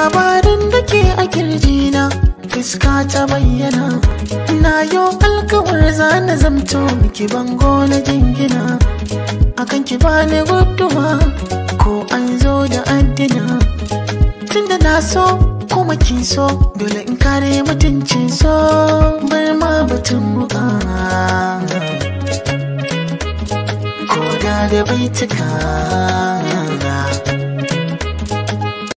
labarin da ke a na, fuska ta bayyana na yo alkawar na zamto miki bango na jingina akan ki bani guduma ko an zo da addina tunda na so kuma ki so dole in kare mutuncin so bar ma batun muka ko da da tuka